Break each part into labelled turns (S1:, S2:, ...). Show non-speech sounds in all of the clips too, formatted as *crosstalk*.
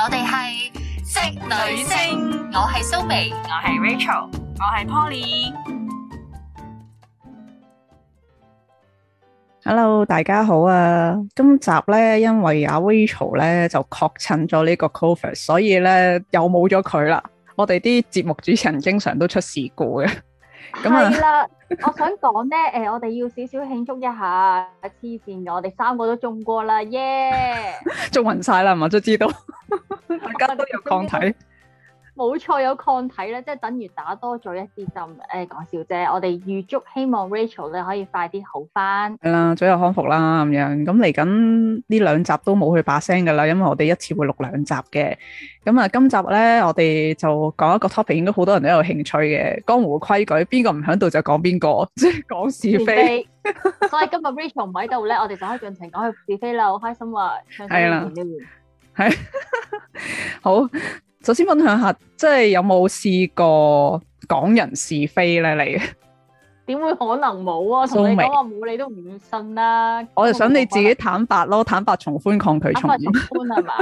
S1: 我哋係職女聲，女聲我係蘇眉，我係 Rachel，我係 Poly。Hello，大家好啊！今集咧，因為阿 Rachel 咧就確診咗呢個 Covid，所以咧又冇咗佢啦。我哋啲節目主持人經常都出事故嘅。係啦、啊，
S2: 我想講咧，誒、 *laughs* 呃，我哋要少少慶祝一下，黐線咗，我哋三個都中過啦，耶、yeah!！
S1: 中勻晒啦，係嘛，都知道，大家都有抗體。 *laughs* *laughs*
S2: 冇錯，有抗體咧，即係等於打多咗一支針。誒，講笑啫，我哋預祝希望 Rachel 咧可以快啲好翻。
S1: 係啦，早日康復啦咁樣。咁嚟緊呢兩集都冇佢把聲噶啦，因為我哋一次會錄兩集嘅。咁啊，今集咧我哋就講一個 topic，應該好多人都有興趣嘅江湖規矩，邊個唔響度就講邊個，即係講是非。
S2: 所以今日 Rachel 唔喺度咧，我哋就可以盡情講佢是非啦，好開心喎！係啦，係，
S1: 好。首先分享下，即係有冇試過講人是非咧？你
S2: 點會可能冇
S1: 啊？同你講話
S2: 冇，你都唔信啦，啊。我就想你
S1: 自己坦白咯，坦白從寬，抗拒從寬係
S2: 嘛？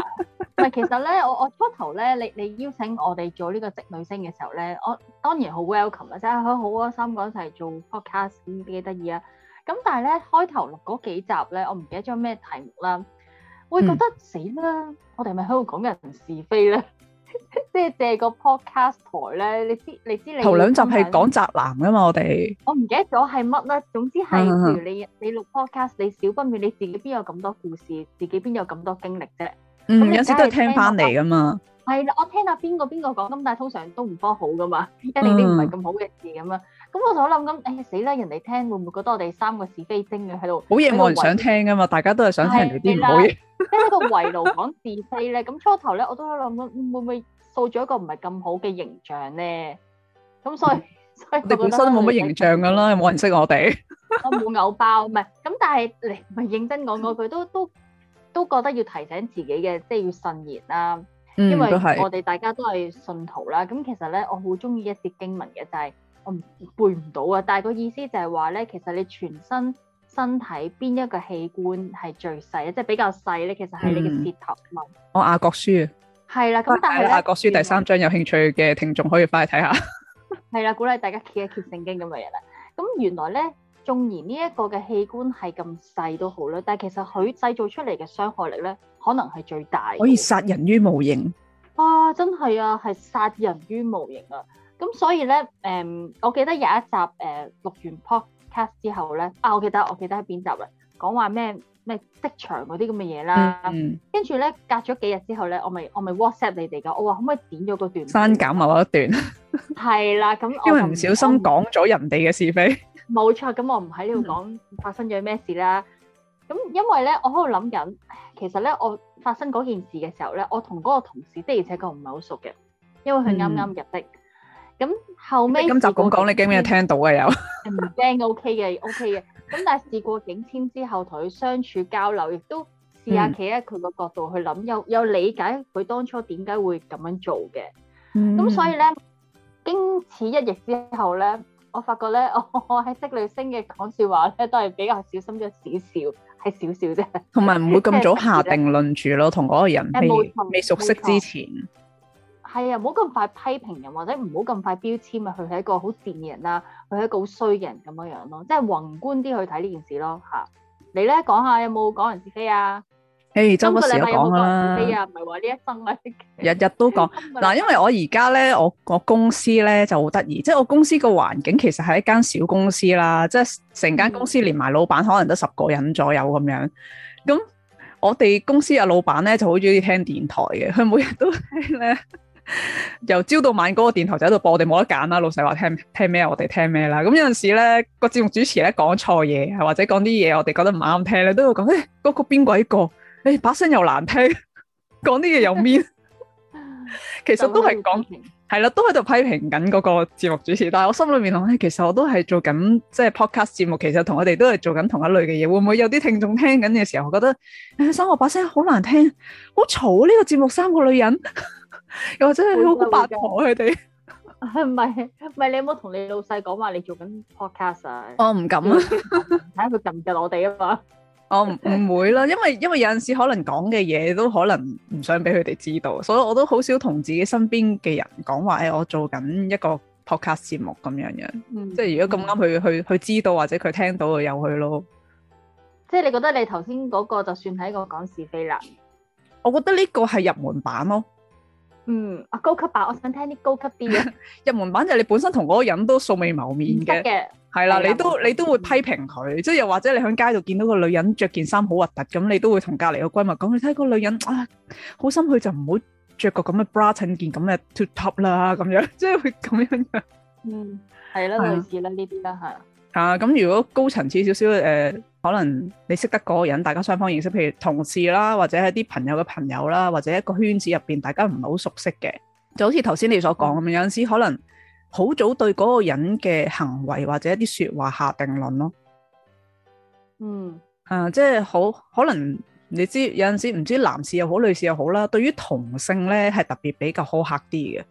S2: 係 *laughs* 其實咧，我我初頭咧，你你邀請我哋做呢個職女聲嘅時候咧，我當然很是好 welcome 啦，即係好好開心，講一齊做 podcast 幾得意啊。咁但係咧開頭錄嗰幾集咧，我唔記得咗咩題目啦，會覺得死啦，嗯！我哋咪喺度講人是非咧。 *laughs* 即係借個 podcast 台咧，你知你知你頭兩集係講
S1: 宅男噶嘛？我哋
S2: 我唔記得咗係乜啦，總之係，譬如，你你錄 podcast，你少不免你自己邊有咁多故事，自己邊有咁多經歷啫。嗯，你有陣時都係聽翻嚟噶嘛。係啦，我聽下邊個邊個講，咁但係通常都唔多好噶嘛，因為啲唔係咁好嘅事咁樣。嗯咁我就諗緊，誒死啦！人哋聽會唔會覺得我哋三個是非精嘅，喺度？好嘢，冇人想聽
S1: 噶嘛，大家都係想聽人哋啲唔
S2: 好嘢。喺個圍爐講是非咧，咁初頭咧，我都喺度諗，咁會唔會塑造一個唔係咁好嘅形象咧？咁所以，所以我本身都冇乜形
S1: 象噶啦，冇人識我哋。
S2: 我冇偶包，唔係咁，但係你唔係認真講嗰句，都都都覺得要提醒自己嘅，即係要慎言啦。嗯，因為我哋大家都係信徒啦。咁其實咧，我好中意一啲經文嘅，就係。我背唔到啊，但係個意思就係話咧，其實你全身身體邊一個器官係最細咧？即係比較細咧，其實係你嘅舌頭。
S1: 我阿國書啊，
S2: 係啦，咁但係阿
S1: 國書第三章有興趣嘅聽眾可以翻去睇下。
S2: 係啦，鼓勵大家揭一揭聖經咁嘅嘢啦。咁原來咧，縱然呢一個嘅器官係咁細都好啦，但係其實佢製造出嚟嘅傷害力咧，可能係最大，可以
S1: 殺人於無形。
S2: 啊，真係啊，係殺人於無形啊！咁所以咧，誒，我記得有一集誒錄完 podcast 之後咧，啊，我記得，我記得喺邊集啦，講話咩咩職場嗰啲咁嘅嘢啦。跟住咧，隔咗幾日之後咧，我咪我咪 WhatsApp 你哋噶，我話可唔可以點咗嗰段
S1: 刪減某一段？
S2: 係啦，咁因為唔
S1: 小心講咗人哋嘅是非。
S2: 冇錯，咁我唔喺呢度講發生咗咩事啦。咁因為咧，我喺度諗緊，其實咧，我發生嗰件事嘅時候咧，我同嗰個同事，的而且確唔係好熟嘅，因為佢啱啱
S1: 入職。咁後尾咁就咁講，你驚唔驚聽到啊？又
S2: 唔驚嘅，O K 嘅，O K 嘅。咁但係事過境遷之後，同佢相處交流，亦都試下企喺佢個角度去諗，又又理解佢當初點解會咁樣做嘅。咁所以咧，經此一役之後咧，我發覺咧，我我喺職女聲嘅講說話咧，都係比較小心咗少少，係少少啫。同埋唔會咁早下定
S1: 論住咯，同嗰個人未未熟悉之前。
S2: 係啊，唔好咁快批評人，或者唔好咁快標籤啊，佢係一個好賤嘅人啦，佢係一個好衰嘅人咁樣樣咯。即係宏觀啲去睇呢件事咯，嚇。你咧講下有冇講人是非啊？
S1: 誒，hey, 周不時都講啦。唔係話呢一生啊，日日都講嗱。因為我而家咧，我我公司咧就好得意，即係我公司個環境其實係一間小公司啦，即係成間公司連埋老闆可能都十個人左右咁樣。咁我哋公司阿老闆咧就好中意聽電台嘅，佢每日都聽咧。由朝到晚嗰個電台就喺度播，我哋冇得揀啦。老細話聽聽咩，我哋聽咩啦。咁有陣時咧，個節目主持咧講錯嘢，或者講啲嘢我哋覺得唔啱聽咧，都要講誒，嗰個邊鬼個誒把聲又難聽，講啲嘢又咩，其實都係講係啦，都喺度批評緊嗰個節目主持。但係我心裏面諗，其實我都係做緊即係 podcast 節目，其實同我哋都係做緊同一類嘅嘢。會唔會有啲聽眾聽緊嘅時候覺得，誒，三個把聲好難聽，好嘈呢個節目三個女人。又真係好八婆佢哋，
S2: 唔係唔係，你有冇同你老細講話你做緊 podcast 啊？
S1: 我唔、哦、敢啊，睇下佢撳唔我哋啊嘛。我唔會啦，因為因為有陣時可能講嘅嘢都可能唔想俾佢哋知道，所以我都好少同自己身邊嘅人講話。誒、哎，我做緊一個 podcast 節目咁樣樣，嗯、即係如果咁啱佢去去、嗯、知道或者佢聽到由佢去咯。
S2: 即係你覺得你頭先嗰個就算係一個講是非啦，
S1: 我覺得呢個係入門版咯。嗯，啊高級版，我想聽啲高級啲嘅。入門版就係你本身同嗰個人都素未謀面嘅，嘅，係啦，你都你都會批評佢，即係又或者你喺街度見到個女人着件衫好核突咁，你都會同隔離個閨蜜講，你睇個女人啊，好心佢就唔好着個咁嘅 bra 襯件咁嘅 tube top 啦，咁樣，即係會咁樣。嗯，係啦，類似啦，呢啲啦嚇。嚇，咁如果高層次少少嘅可能你識得嗰個人，大家雙方認識，譬如同事啦，或者係啲朋友嘅朋友啦，或者一個圈子入邊，大家唔係好熟悉嘅，就好似頭先你所講咁樣，有陣時可能好早對嗰個人嘅行為或者一啲說話下定論咯。
S2: 嗯，
S1: 啊，即係好可能你知道有陣時唔知男士又好，女士又好啦，對於同性咧係特別比較苛刻啲嘅，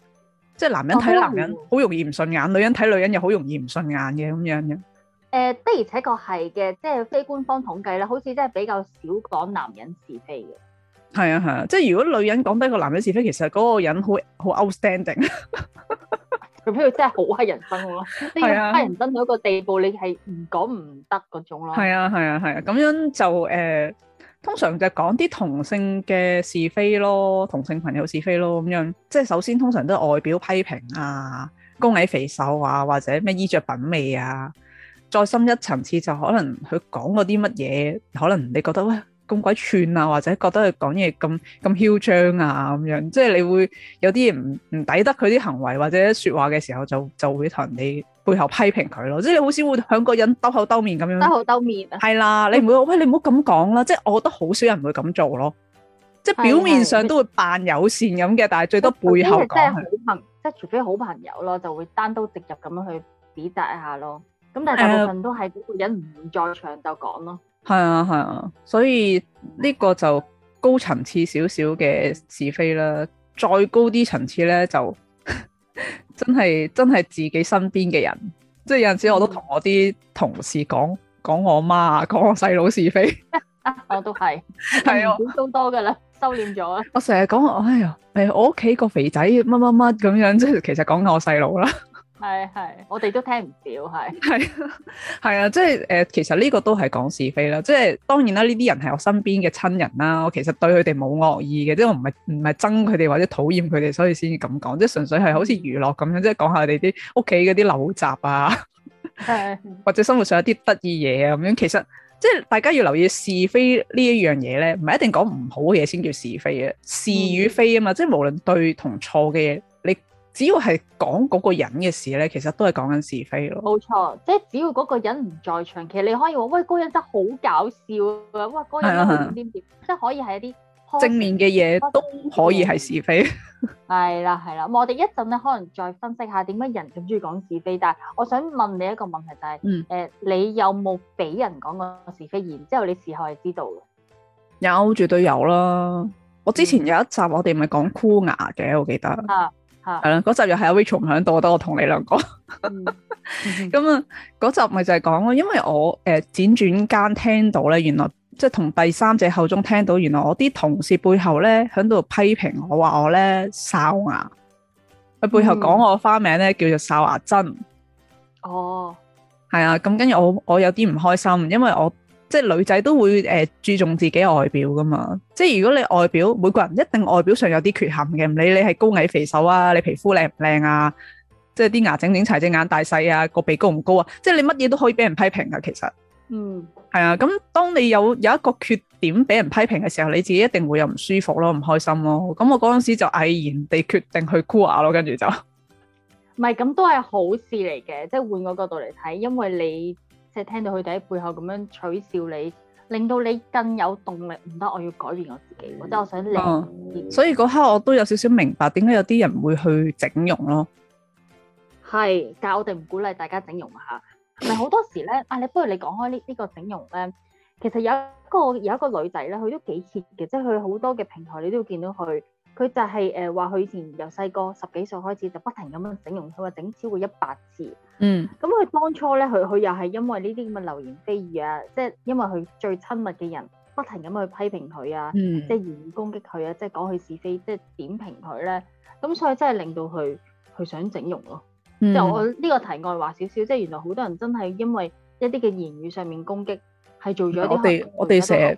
S1: 即係男人睇男人好容易唔順眼，哦、女人睇女人又好容易唔順眼嘅咁樣嘅。
S2: 誒、呃、的而且確係嘅，即係非官方統計咧，好似真係比較少講男人是非
S1: 嘅。係啊係啊，即係如果女人講多個男人是非，其實嗰個人好好 outstanding，
S2: 佢不 *laughs* 佢真係好乞人憎咯、啊。啲人乞人憎到一個地步，你係唔講唔得嗰種咯。係
S1: 啊係啊係啊，咁、啊啊啊啊、樣就誒、呃，通常就講啲同性嘅是非咯，同性朋友是非咯，咁樣即係首先通常都係外表批評啊，高矮肥瘦啊，或者咩衣着品味啊。再深一層次，就可能佢講嗰啲乜嘢，可能你覺得喂咁鬼串啊，或者覺得佢講嘢咁咁囂張啊咁樣，即係你會有啲唔唔抵得佢啲行為或者說話嘅時候，就就會同人哋背後批評佢咯。即係你好少會向個人兜口兜面咁樣。兜口兜面啊。係啦，你唔會話喂，你唔好咁講啦。即係我覺得好少人會咁做咯。
S2: 即係表面上、嗯、
S1: 都會扮友善咁嘅，但係最多背後講即啲係好朋
S2: 友，是即係除非好朋友咯，就會單刀直入咁樣去指責一下咯。咁但係大部分都係嗰個人唔
S1: 在場就講咯。係啊係啊，所以呢個就高層次少少嘅是非啦。再高啲層次咧，就呵呵真係真係自己身邊嘅人。即係有陣時我都同我啲同事講講、mm. 我媽啊，講我細佬是非，
S2: 我都係，係啊，都多噶啦，收斂咗啦、
S1: 哎。我成日講，哎呀，誒我屋企個肥仔乜乜乜咁樣，即係其實講緊我細佬啦。係係，我哋都聽唔少。係係係啊，即係誒，其實呢個都係講是非啦，即係當然啦，呢啲人係我身邊嘅親人啦，我其實對佢哋冇惡意嘅，即係我唔係唔係憎佢哋或者討厭佢哋，所以先至咁講，即係純粹係好似娛樂咁樣，即係講下我哋啲屋企嗰啲陋習啊，係 *laughs* *laughs* *laughs* 或者生活上有啲得意嘢啊咁樣，其實即係大家要留意是非呢一樣嘢咧，唔係一定講唔好嘅嘢先叫是非啊。是與非啊嘛，嗯、即係無論對同錯嘅嘢你。只要係講嗰個人嘅事咧，其實都係講緊是非咯。
S2: 冇錯，即係只要嗰個人唔在場，其實你可以話喂，嗰人真係好搞笑啊！的喂，嗰個人點點點，即係可以係一啲正面嘅嘢喂都
S1: 可以係是，是非。
S2: 係啦係啦，我哋一陣咧可能再分析下點解人咁中意講是非。但係我想問你一個問題就係，誒、嗯呃，你有冇俾人講過是非，然之後你事後係知道嘅？
S1: 有，絕對有啦。我之前有一集我哋咪講箍牙嘅，我記得我說的。嗯係啦，嗰 *music* 集又係阿 Rachel 唔喺度，得我同你兩個。 *laughs* 咁啊，嗰集咪就係講咯，因為我誒輾轉間聽到咧，原來即係同第三者口中聽到，原來我啲同事背後咧喺度批評我話我咧哨牙，佢背後講我花名咧、嗯、叫做哨牙真。哦，係啊，咁跟住我我有啲唔開心，因為我。即係女仔都會誒注重自己外表噶嘛，即係如果你外表，每個人一定外表上有啲缺陷嘅，唔理你係高矮肥瘦啊，你皮膚靚唔靚啊，即係啲牙整整齊，隻眼大細啊，個鼻高唔高啊，即係你乜嘢都可以俾人批評啊。其實，嗯，係啊，咁當你有有一個缺點俾人批評嘅時候，你自己一定會有唔舒服咯，唔開心咯，咁我嗰陣時就毅然地決定去箍牙咯，跟住就，唔
S2: 係，咁都係好事嚟嘅，即係換個角度嚟睇，因為你。即係聽到佢哋喺背後咁樣取笑你，令到你更有動力，唔得我要改變我自己，或者我想令、哦，
S1: 所以嗰刻我都有少少明白點解有啲人會去整容咯。
S2: 係，但我哋唔鼓勵大家整容嚇。咪好多時咧，啊你不如你講開呢呢個整容咧，其實有一個有一個女仔咧，佢都幾 hit 嘅，即係佢好多嘅平台你都見到佢。佢就係誒話佢以前由細個十幾歲開始就不停咁樣整容，佢話整超過一百次。嗯。咁佢當初咧，佢佢又係因為呢啲咁嘅流言蜚語啊，即係因為佢最親密嘅人不停咁去批評佢啊，即係言語攻擊佢啊，即係講佢是非，即係點評佢咧。咁所以真係令到佢佢想整容咯。即係我呢個題外話少少，即係原來好多人真係因為一啲嘅言語上面攻擊，係做咗一啲我哋成日。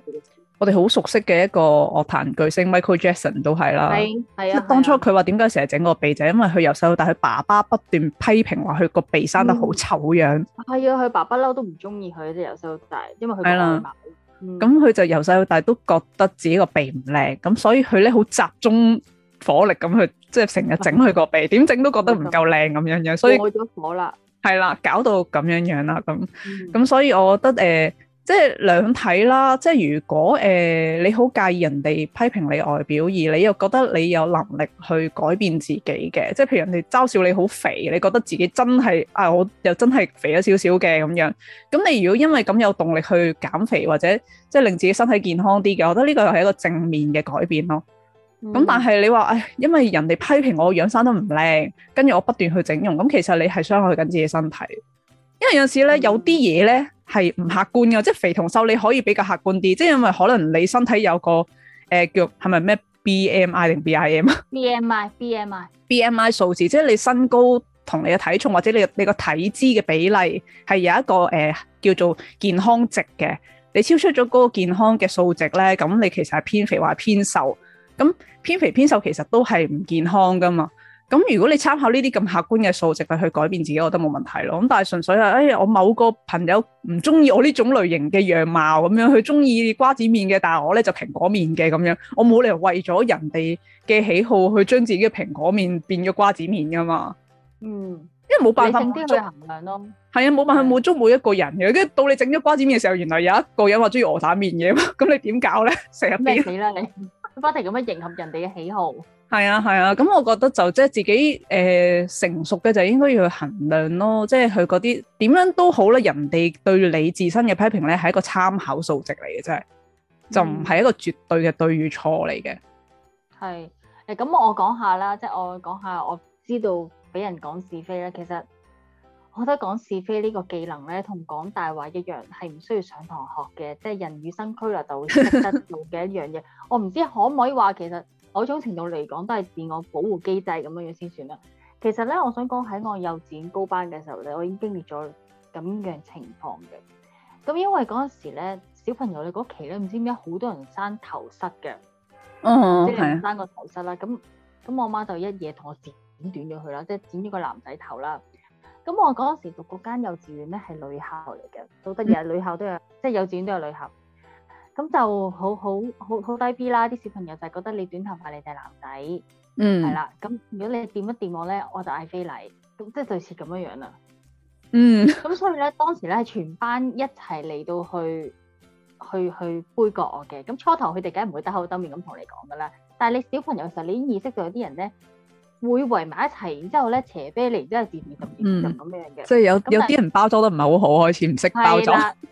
S1: 我哋好熟悉嘅一個樂壇巨星 Michael Jackson 都係啦，即係當初佢話點解成日整個鼻就係因為佢由細到大佢爸爸不斷批評話佢個鼻生得好醜樣。
S2: 係啊，佢爸爸嬲都唔中意佢，即係由細到大，因為佢個鼻。咁
S1: 佢就由細到大都覺得自己個鼻唔靚，咁所以佢咧好集中火力咁去，即係成日整佢個鼻，點整都覺得唔夠靚咁樣樣，所以。過
S2: 咗火
S1: 啦。係啦，搞到咁樣樣啦，咁咁，所以我覺得誒。即係兩睇啦，即係如果誒你好介意人哋批評你外表，而你又覺得你有能力去改變自己嘅，即係譬如人哋嘲笑你好肥，你覺得自己真係啊、哎，我又真係肥咗少少嘅咁樣。咁你如果因為咁有動力去減肥或者即係令自己身體健康啲嘅，我覺得呢個又係一個正面嘅改變咯。咁、嗯、但係你話誒，因為人哋批評我樣生都唔靚，跟住我不斷去整容，咁其實你係傷害緊自己身體。因為有陣時咧，有啲嘢咧。係唔客觀嘅，即係肥同瘦你可以比較客觀啲，即係因為可能你身體有個誒、呃、叫係咪咩 B M I 定 B I M 啊
S2: ？B M I B M I
S1: B M I 數字，即係你身高同你嘅體重或者你你個體脂嘅比例係有一個誒、呃、叫做健康值嘅，你超出咗嗰個健康嘅數值咧，咁你其實係偏肥或係偏瘦，咁偏肥偏瘦其實都係唔健康噶嘛。咁如果你參考呢啲咁客觀嘅數值去改變自己，我覺得冇問題咯。咁但係純粹係，哎呀，我某個朋友唔中意我呢種類型嘅樣貌咁樣，佢中意瓜子面嘅，但係我咧就蘋果面嘅咁樣，我冇理由為咗人哋嘅喜好去將自己嘅蘋果面變咗瓜子面噶嘛。嗯，
S2: 因
S1: 為冇辦法。整啲嘅衡量
S2: 咯，
S1: 係啊，冇、啊、辦法冇中每一個人嘅，跟住的到你整咗瓜子面嘅時候，原來有一個人話中意鵝蛋面嘅，咁你點搞咧？成日咩死啦
S2: 你，不停咁樣迎合人哋嘅喜好。
S1: 係啊，係啊，咁我覺得就即係自己誒、呃、成熟嘅就應該要去衡量咯，即係佢嗰啲點樣都好啦，人哋對你自身嘅批評咧係一個參考數值嚟嘅啫，嗯、
S2: 就唔係
S1: 一個絕對嘅對與錯嚟
S2: 嘅。係誒，咁我講下啦，即係我講下我知道俾人講是非咧，其實我覺得講是非呢個技能咧，同講大話一樣，係唔需要上堂學嘅，即係人與生俱來就會識得做嘅一樣嘢。 *laughs* 我唔知可唔可以話其實。某種程度嚟講，都係自我保護機制咁樣樣先算啦。其實咧，我想講喺我幼稚園高班嘅時候咧，我已經經歷咗咁樣嘅情況嘅。咁因為嗰陣時咧，小朋友你嗰期咧，唔知點解好多人生頭虱嘅，即係、uh huh，生個頭虱啦。咁咁 yeah. 我媽就一夜同我剪短咗佢啦，即、就、係、是、剪咗個男仔頭啦。咁我嗰陣時讀嗰間幼稚園咧係女校嚟嘅，都得嘅，mm hmm. 女校都有，即係幼稚園都有女校。咁就好好好好低 B 啦！啲小朋友就係覺得你短頭髮，你係男仔，嗯，係啦。咁如果你掂一掂我咧，我就嗌非禮，咁即係類似咁樣樣啦。嗯。咁所以咧，當時咧係全班一齊嚟到去去去杯葛我嘅。咁初頭佢哋梗係唔會兜口兜面咁同你講噶啦。但係你小朋友實你已經意識到有啲人咧會圍埋一齊，然之後咧斜啤嚟，之後掂掂咁樣嘅。即係有、就是、有啲人
S1: 包裝得唔係好好，開始唔識包裝的。
S2: *laughs*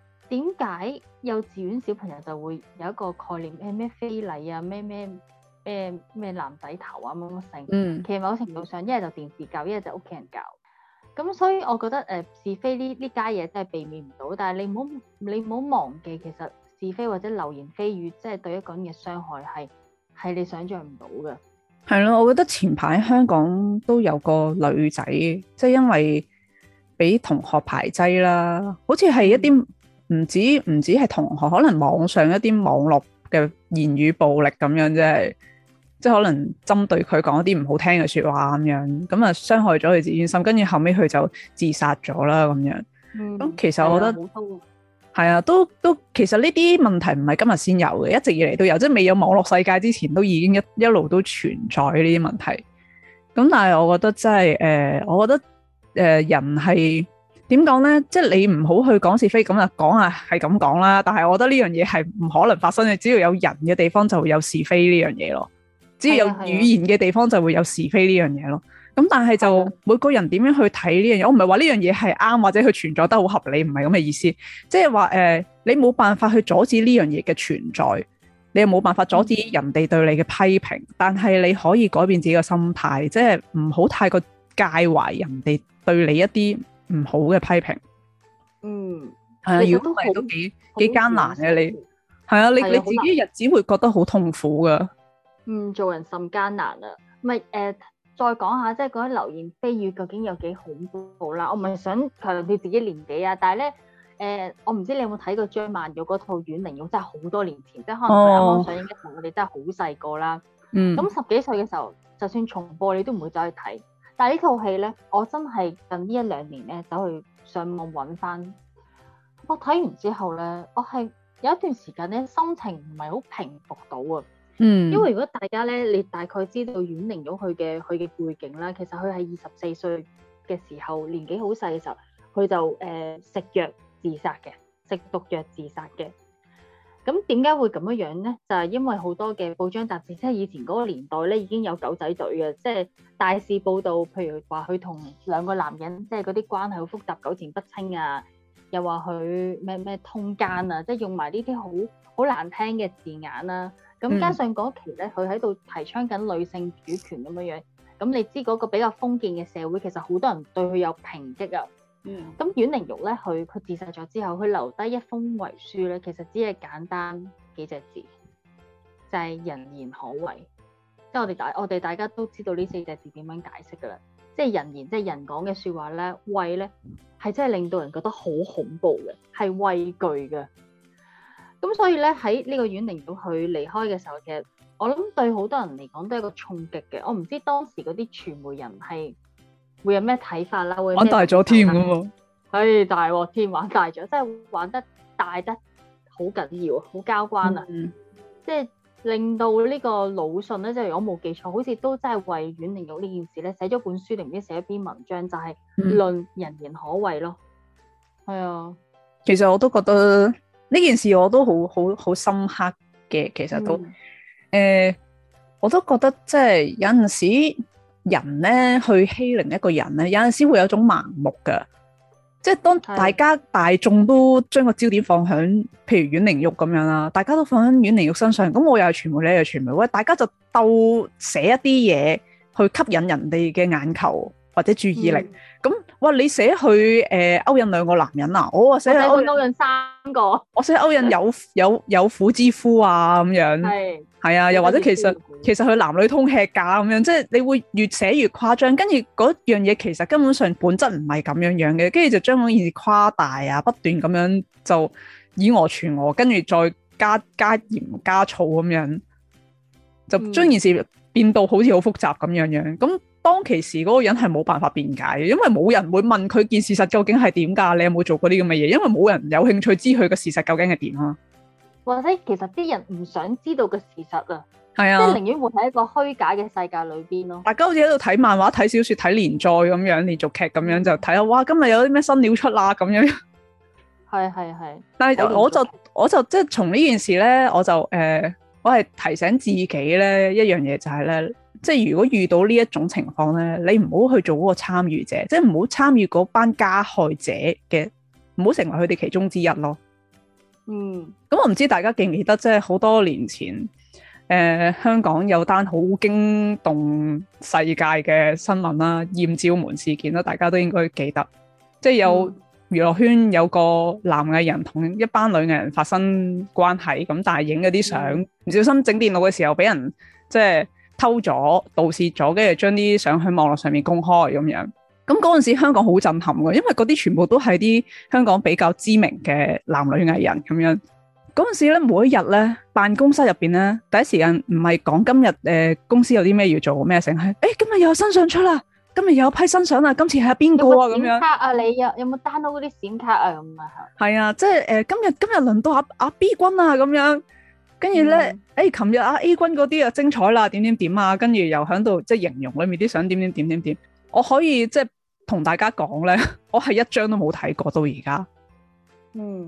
S2: 點解幼稚園小朋友就會有一個概念，咩咩非禮啊，咩咩咩咩男仔頭啊乜乜性？嗯，其實某程度上一係就電視教，一係就屋企人教。咁所以我覺得誒、呃、是非呢呢家嘢真係避免唔到，但係你唔好你唔好忘記，其實是非或者流言蜚語，即係對一個人嘅傷害係係你想象唔到
S1: 㗎。係咯，我覺得前排香港都有個女仔，即係因為俾同學排擠啦，好似係一啲、嗯。唔止唔止係同學，可能網上一啲網絡嘅言語暴力咁樣，即係即係可能針對佢講一啲唔好聽嘅説話咁樣，咁啊傷害咗佢自尊心，跟住後尾，佢就自殺咗啦咁樣。咁、嗯、其實我覺得係啊，都都其實呢啲問題唔係今日先有嘅，一直以嚟都有，即係未有網絡世界之前都已經一一路都存在呢啲問題。咁但係我覺得真係誒，我覺得誒、呃、人係。點講咧？即係你唔好去講是非咁啊，講啊，係咁講啦。但係我覺得呢樣嘢係唔可能發生嘅，只要有人嘅地方就會有是非呢樣嘢咯。
S2: 只要有語言
S1: 嘅地方就會有是非呢樣嘢咯。咁的但係就每個人點樣去睇呢樣嘢，是的我唔係話呢樣嘢係啱或者佢存在得好合理，唔係咁嘅意思。即係話誒，你冇辦法去阻止呢樣嘢嘅存在，你又冇辦法阻止人哋對你嘅批評，嗯、但係你可以改變自己嘅心態，即係唔好太過介懷人哋對你一啲。唔好嘅批評，
S2: 嗯，係啊，如果
S1: 都幾幾艱難嘅你，係啊的，你的你自己日子會覺得好痛苦噶。
S2: 嗯，做人甚艱難啊。咪誒、呃，再講下即係嗰啲流言蜚語究竟有幾恐怖啦，啊？我唔係想強調自己年紀啊。但係咧，誒、呃，我唔知你有冇睇過張曼玉嗰套《阮玲玉》，真係好多年前，即係、哦、可能啱啱上映嗰陣，我哋真係好細個啦。嗯。
S1: 咁
S2: 十幾歲嘅時候，就算重播，你都唔會再去睇。但係呢套戲咧，我真係近呢一兩年咧，走去上網揾翻。我睇完之後咧，我係有一段時間咧，心情唔係好平復到啊。嗯。因為如果大家咧，你大概知道阮玲玉佢嘅佢嘅背景啦，其實佢係二十四歲嘅時候，年紀好細嘅時候，佢就誒、呃、食藥自殺嘅，食毒藥自殺嘅。咁點解會咁樣樣咧？就係因為好多嘅報章雜誌，即係以前嗰個年代咧，已經有狗仔隊嘅，即係大肆報導，譬如話佢同兩個男人，即係嗰啲關係好複雜、糾纏不清啊，又話佢咩咩通姦啊，即係用埋呢啲好好難聽嘅字眼啦。咁加上嗰期咧，佢喺度提倡緊女性主權咁樣樣，咁你知嗰個比較封建嘅社會，其實好多人對佢有抨擊啊。嗯，咁阮玲玉咧，佢佢自殺咗之後，佢留低一封遺書咧，其實只係簡單幾隻字，就係、是、人言可畏。即係我哋大我哋大家都知道呢四隻字點樣解釋噶啦，即係人言，即係人講嘅說話咧，畏咧係真係令到人覺得好恐怖嘅，係畏懼嘅。咁所以咧喺呢個阮玲玉佢離開嘅時候，其實我諗對好多人嚟講都係一個衝擊嘅。我唔知當時嗰啲傳媒人係。會有咩睇法啦？會玩大咗添噶嘛？唉、哎，大鑊添，天玩大咗，即係玩得大得好緊要，好交關啊！即係、嗯就是、令到個呢個魯迅咧，即係如果冇記錯，好似都真係為阮玲玉呢件事咧寫咗本書定唔知寫一篇文章，就係、是、論人言可畏咯。
S1: 係、嗯、啊其，其實、嗯 uh, 我都覺得呢件事我都好好好深刻嘅。其實都誒，我都覺得即係有陣時。人咧去欺凌一個人咧，有陣時會有一種盲目噶，即係當大家大眾都將個焦點放響，譬如阮玲玉咁樣啦，大家都放喺阮玲玉身上，咁我又係傳媒，你又傳媒，喂，大家就鬥寫一啲嘢去吸引人哋嘅眼球或者注意力，咁、嗯，哇，你寫去誒勾引兩個男人啊，我寫寫去勾引三個我寫勾引，我寫勾引有有有婦之夫啊咁樣。係啊，又或者其實其實佢男女通吃架咁樣，即係你會越寫越誇張，跟住嗰樣嘢其實根本上本質唔係咁樣樣嘅，跟住就將件事誇大啊，不斷咁樣就以訛傳訛，跟住再加加鹽加醋咁樣，就將件事變到好似好複雜咁樣樣。咁、嗯、當其時嗰個人係冇辦法辯解嘅，因為冇人會問佢件事實究竟係點㗎？你有冇做過嗰啲咁嘅嘢？因為冇人有興趣知佢個事實究竟係點啊。
S2: 或者其實啲人唔想知道嘅事實啊，即係寧願活喺一個虛假嘅世界裏邊
S1: 咯。大家好似喺度睇漫畫、睇小説、睇連載咁樣連續劇咁樣就睇下「哇，今日有啲咩新料出啦」咁樣。係係
S2: 係。但係我就這
S1: 我就即係從呢件事咧，我就誒，我係、呃、提醒自己咧一樣嘢就係、是、咧，即、就、係、是、如果遇到呢一種情況咧，你唔好去做嗰個參與者，即係唔好參與嗰班加害者嘅，唔好成為佢哋其中之一咯。嗯，咁我唔知大家記唔記得，即係好多年前，呃、香港有單好驚動世界嘅新聞啦，豔照門事件啦，大家都應該記得，即係有娛樂圈有個男藝人同一班女藝人發生關係，咁但係影嗰啲相，唔、嗯、小心整電腦嘅時候俾人即係偷咗、盜竊咗，跟住將啲相喺網絡上面公開咁樣。咁嗰陣時香港好震撼嘅，因為嗰啲全部都係啲香港比較知名嘅男女藝人咁樣。嗰陣時咧，每一日咧，辦公室入邊咧，第一時間唔係講今日誒，公司有啲咩要做咩成，誒，今日有新相出啦，今日有一批新相啦，今次係邊個啊？咁啊，你有
S2: 有冇 download 嗰啲閃卡啊？咁啊
S1: 係啊，即係誒，今日今日輪到阿阿 B 君啊咁樣，跟住咧誒，琴日阿 A 君嗰啲啊精彩啦，點點點啊，跟住又喺度即係形容裏面啲相點點點點點。我可以即係同大家講咧，我係一張都冇睇過到而家。嗯，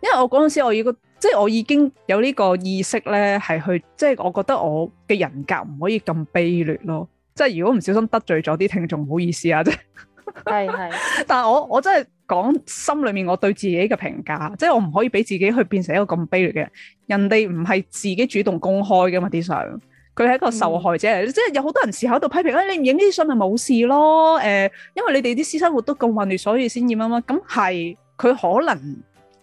S1: 因為我嗰陣時我已經即係我已經有呢個意識咧，係去即係我覺得我嘅人格唔可以咁卑劣咯。即係如果唔小心得罪咗啲聽眾，唔好意思啊，即係係， *laughs* 但係我我真係講心裏面我對自己嘅評價，嗯、即係我唔可以俾自己去變成一個咁卑劣嘅人。人哋唔係自己主動公開噶嘛啲相。佢係一個受害者嚟，嗯、即係有好多人士喺度批評、哎、你唔影呢啲相咪冇事咯、呃？因為你哋啲私生活都咁混亂，所以先要一醃。咁係佢可能、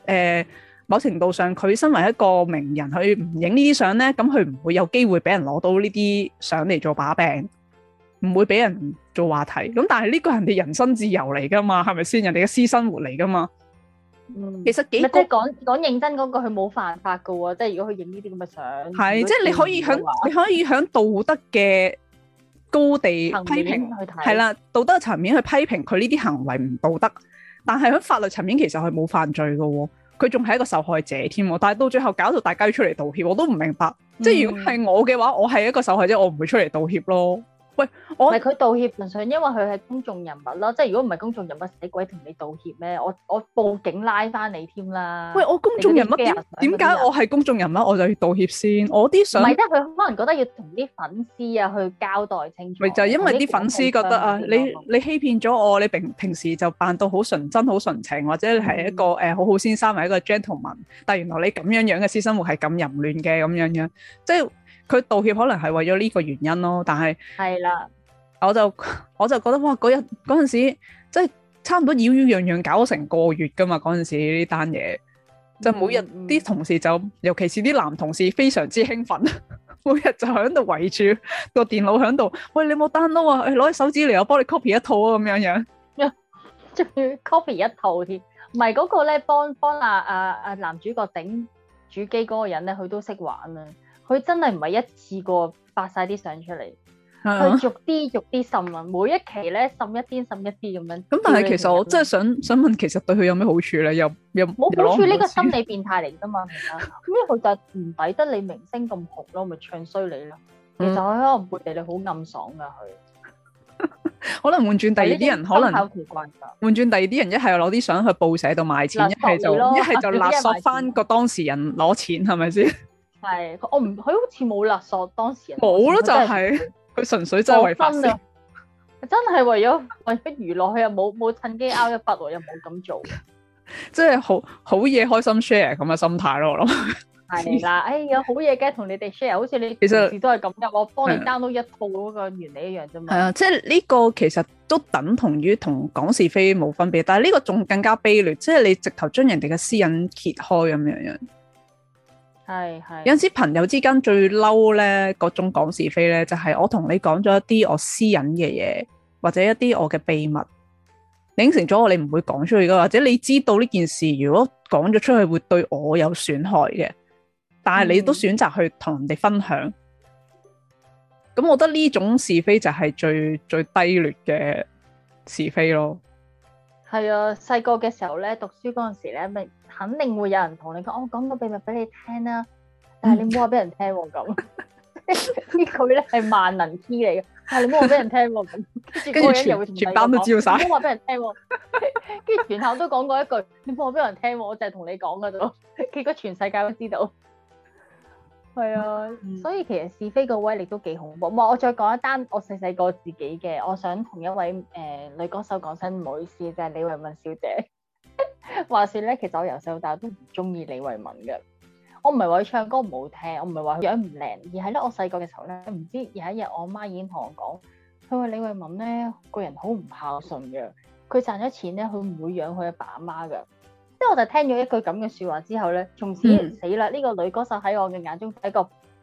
S1: 呃、某程度上，佢身為一個名人，佢唔影呢啲相咧，咁佢唔會有機會俾人攞到呢啲相嚟做把柄，唔會俾人做話題。咁但係呢個人哋人生自由嚟噶嘛，係咪先？人哋嘅私生活嚟噶嘛。
S2: 嗯、其實幾即係講講認真嗰個，佢冇犯法噶喎。即係如果佢影呢啲咁嘅相，係即係你可以響你可以
S1: 響道德嘅高地批評，係啦道德嘅層面去批評佢呢啲行為唔道德。但係喺法律層面其實佢冇犯罪噶喎，佢仲係一個受害者添。但係到最後搞到大家要出嚟道歉，我都唔明白。嗯、即係如果係我嘅話，我係一個受害者，我唔會出嚟道歉咯。喂，我唔係佢
S2: 道歉，純粹因為佢係公眾人物咯。即係如果唔係公眾人物，使鬼同你道歉咩？我我報警拉翻你添啦。喂，我公眾人物，點
S1: 點解我係公眾人物我就要道歉先？我啲想唔係，
S2: 即係佢可能覺得要同啲粉絲啊去交代清楚。咪就係因為啲粉絲覺得啊，你
S1: 你欺騙咗我，你平平時就扮到好純真、好純情，或者係一個誒好好先生，係一個 gentleman，但原來你咁樣樣嘅私生活係咁淫亂嘅咁樣樣，即係。佢道歉可能係為咗呢個原因咯，但係係啦，我就的我就覺得哇，嗰日嗰陣時即係差唔多，妖妖樣樣搞成個月噶嘛，嗰陣時呢單嘢，就每日啲同事就，嗯、尤其是啲男同事非常之興奮，每日就喺度圍住個電腦喺度，喂，你冇 download 啊，攞，哎，起手指嚟，我幫你 copy 一套啊，咁樣樣，
S2: 仲要 copy 一套添，唔係嗰個咧，幫幫阿阿阿男主角頂主機嗰個人咧，佢都識玩啊。佢真係唔係一次過發晒啲相出嚟，佢逐啲逐啲滲啊！每一期咧滲一啲滲一啲咁樣。咁但係其實我真係
S1: 想想問，其實對佢有咩好處咧？又又冇好處？呢個心理
S2: 變態嚟啫嘛！咁樣佢就唔抵得你明星咁紅咯，咪唱衰你咯。
S1: 其實我喺度
S2: 背地你好暗爽噶佢。
S1: 可能換轉第二啲人，可能
S2: 奇怪。
S1: 換轉第二啲人，一係攞啲相去報社度賣錢，一係就一係就勒索翻個當事人攞錢，係咪先？
S2: 係，我唔佢好似冇勒索，當時人冇咯，有是就係、
S1: 是、佢純粹周圍發泄，
S2: 真係為咗為咗娛樂，佢又冇冇趁機 out 一筆又冇咁做，
S1: 即係好好嘢開心 share 咁嘅心態咯，我
S2: 諗係啦，哎呀好嘢嘅同你哋 share，好似你時其實都係咁噶，我幫你 download yeah, 一套嗰個原理一樣
S1: 啫嘛，係啊，即係呢個其實都等同於同講是非冇分別，但係呢個仲更加卑劣，即係你直頭將人哋嘅私隱揭開咁樣樣。係係，有陣時朋友之間最嬲咧，各種講是非咧，就係、是、我同你講咗一啲我私隱嘅嘢，或者一啲我嘅秘密，應承咗我你唔會講出去㗎，或者你知道呢件事，如果講咗出去會對我有損害嘅，但係你都選擇去同人哋分享，咁、嗯、我覺得呢種是非就係最最低劣嘅是非咯。
S2: 係啊，細個嘅時候咧，讀書嗰陣時咧，咪肯定會有人同你講，我、oh, 講個秘密俾你聽啦、啊。但係你唔好話俾人聽喎、哦，咁 *laughs* *laughs* 呢句咧係萬能 key 嚟嘅。但、oh, 係你唔好話俾人聽喎、哦，跟住住，嗰個人又會同你講，唔好話俾人聽喎、哦。跟住 *laughs* *laughs* 全校都講過一句，你唔好話俾人聽喎、哦，我就係同你講噶啫。結果全世界都知道。係啊，所以其實是非個威力都幾恐怖。唔係，我再講一單我細細個自己嘅，我想同一位誒、呃、女歌手講聲唔好意思，就係李慧敏小姐 *laughs* 話說咧。其實我由細到大都唔中意李慧敏嘅，我唔係話佢唱歌唔好聽，我唔係話佢樣唔靚，而係咧我細個嘅時候咧，唔知道有一日我媽已經同我講，佢話李慧敏咧個人好唔孝順嘅，佢賺咗錢咧，佢唔會養佢阿爸阿媽嘅。我就聽咗一句咁嘅說話之後咧，從此死啦！呢、嗯、個女歌手喺我嘅眼中係一個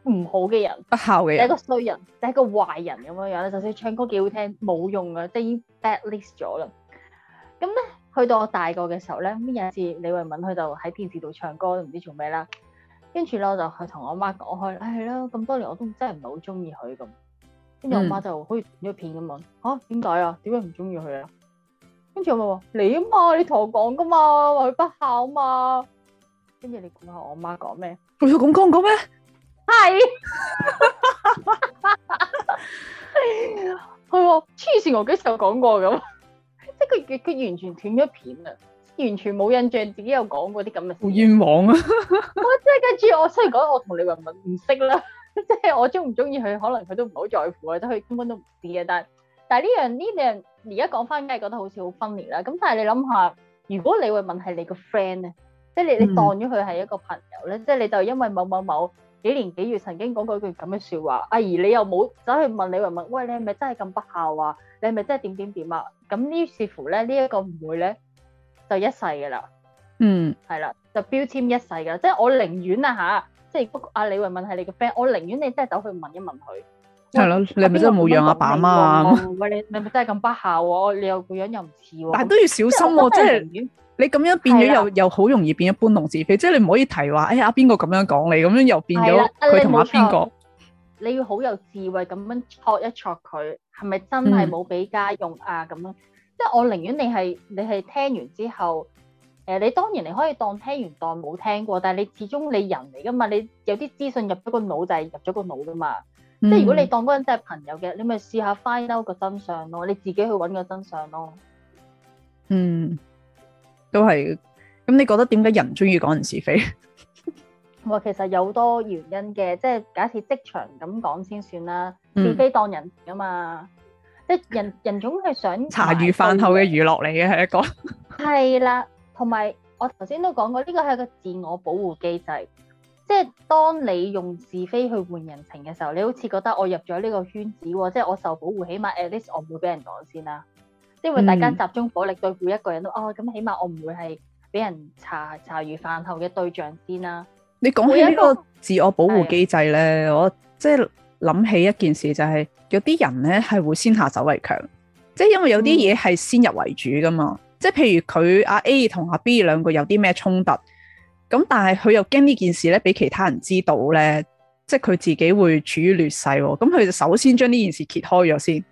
S2: 唔好嘅人，不孝嘅人，係一個衰人，係一個壞人咁樣樣。就算唱歌幾好聽，冇用噶，de 已經 bad list 咗啦。咁咧，去到我大個嘅時候咧，咁有一次李慧敏佢就喺電視度唱歌，唔知做咩啦。跟住咧我就去同我媽講開，唉、哎，係咯，咁多年我都真係唔係好中意佢咁。跟住我媽就好似斷咗片咁樣：吓點解啊？點解唔中意佢啊？跟住我咪話你啊嘛，你同我講噶嘛，話佢不孝啊嘛。跟住你講下我媽講咩？
S1: 佢要咁講過咩？係
S2: 係喎，黐綫！我幾時有講過咁？即係佢佢完全斷咗片啦，完全冇印象自己有講過啲咁嘅。好冤枉啊！我即係跟住我雖然講我同李文敏唔識啦，即係我中唔中意佢，可能佢都唔係好在乎嘅，即係佢根本都唔知嘅。但係但係呢樣呢樣。而家講翻，梗係覺得好似好分裂啦。咁但係你諗下，如果李慧敏係你個 friend 咧，即係你你當咗佢係一個朋友咧，即係你就因為某某某幾年幾月曾經講過句咁嘅説話，啊而你又冇走去問李慧敏，喂，你係咪真係咁不孝啊？你係咪真係點點點啊？咁於是乎咧呢一個唔會咧，就一世噶啦。嗯，係啦，就標籤一世噶，即係我寧願啊嚇，即係啊李慧敏係你個 friend，我寧願你真係走去問一問佢。係
S1: 咯，你係咪真係冇養阿爸阿媽啊？
S2: 喂，你你咪真係咁不孝喎？你又個樣又唔似喎。但係都要小心喎、啊，即係
S1: 你咁樣變咗又的又好容易變搬弄是非，即係你唔可以提話哎呀邊個咁樣講你，咁樣又變咗佢同阿邊個。你，
S2: 誰你要好有智慧咁樣戳一戳佢，係咪真係冇俾家用啊？咁、嗯、樣，即係我寧願你係你係聽完之後，誒、呃，你當然你可以當聽完當冇聽過，但係你始終你人嚟噶嘛，你有啲資訊入咗個腦就係、是、入咗個腦噶嘛。即係如果你當嗰個人係朋友嘅，你咪試下 find out 個真相咯，你自己去揾個真相咯。嗯，
S1: 都係。咁你覺得點解人鍾意講人是非？
S2: 哇，其實有好多原因嘅，即係假設職場咁講先算啦，是非當人啊嘛，即係人人總係想茶餘飯
S1: 後嘅娛樂嚟嘅係一個。
S2: 係啦，同埋我頭先都講過，呢個係一個自我保護機制。即係當你用是非去換人情嘅時候，你好似覺得我入咗呢個圈子，即係我受保護，起碼 at least 我唔會俾人講先啦。即因為大家集中火力對付一個人都，都、嗯、哦，咁起碼我唔會係俾人查查餘飯後嘅對象先啦。
S1: 你講起呢個自我保護機制咧，的我即係諗起一件事就係、是、有啲人咧係會先下手為強，即係因為有啲嘢係先入為主噶嘛。嗯、即係譬如佢阿 A 同阿 B 兩個有啲咩衝突。咁但係佢又驚呢件事咧，俾其他人知道咧，即係佢自己會處於劣勢。咁佢就首先將呢件事揭開咗先，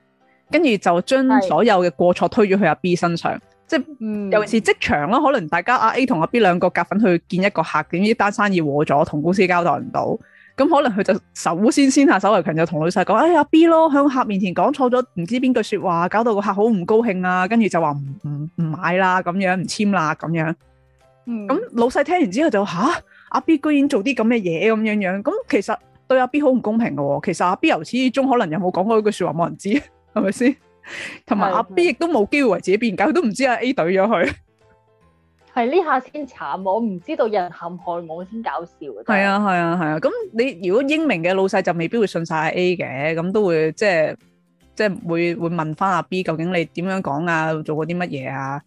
S1: 跟住就將所有嘅過錯推咗去阿 B 身上。是即係尤其是職場啦，可能大家阿、嗯、A 同阿 B 兩個夾份去見一個客，點知單生意和咗，同公司交代唔到。咁可能佢就首先先下手為強，強就同老細講：哎呀、啊、B 咯，喺客面前講錯咗，唔知邊句說話，搞到個客好唔高興啊！跟住就話唔唔唔買啦，咁樣唔簽啦，咁樣。咁老細聽完之後就吓，阿 B 居然做啲咁嘅嘢咁樣樣，咁其實對阿 B 好唔公平嘅喎。其實阿 B 由始至終可能有冇講過呢句說話，冇人知，係咪先？同埋阿 B 亦都冇機會為自己辯解，佢都唔知阿 A 懟咗佢。
S2: 係呢下先慘，我唔知道人陷害我先搞笑。
S1: 係啊係啊係啊，咁你如果英明嘅老細就未必會信晒阿 A 嘅，咁都會即係即係會會問翻阿 B，究竟你點樣講啊，做過啲乜嘢啊？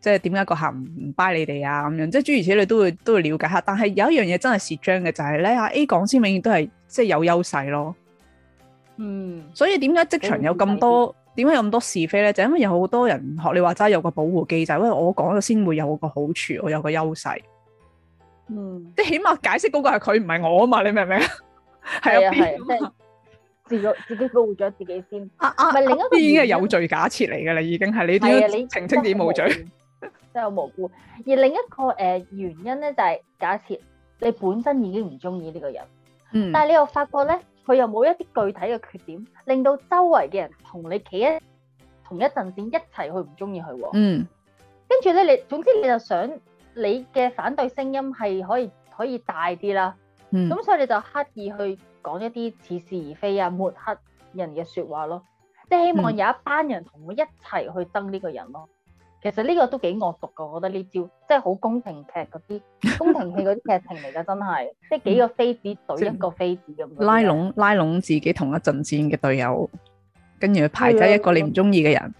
S1: 即係點解個客唔唔 buy 你哋啊咁樣？即係諸如此類都會都會瞭解下。但係有一樣嘢真係蝕章嘅就係咧，阿 A 講先永遠都係即係有優勢咯。嗯。所以點解職場有咁多點解有咁多是非咧？就因為有好多人學你話齋有個保護機制，因為我講咗先會有個好處，我有個優勢。嗯。即係起碼解釋嗰個係佢唔係我啊嘛？你明唔明？係啊係。啊，自己保護咗自己先。啊啊！唔係另一個已經係有罪假設嚟㗎啦，已經係你都要澄清自己無罪。
S2: 真係好無辜，而另一個誒原因咧，就係、是、假設你本身已經唔中意呢個人，嗯，但係你又發覺咧，佢又冇一啲具體嘅缺點，令到周圍嘅人同你企一同一陣線一齊去唔中意佢喎，嗯，跟住咧你，總之你就想你嘅反對聲音係可以可以大啲啦，嗯，咁所以你就刻意去講一啲似是而非啊抹黑人嘅説話咯，即係希望有一班人同佢一齊去登呢個人咯。其實呢個都幾惡毒噶，我覺得呢招即係好宮廷劇嗰啲宮廷戲嗰啲劇情嚟噶，真係即係幾個妃子懟一個妃子咁，嗯就是，
S1: 拉攏拉攏自己同一陣線嘅隊友，跟住佢排擠一個你唔中意嘅人，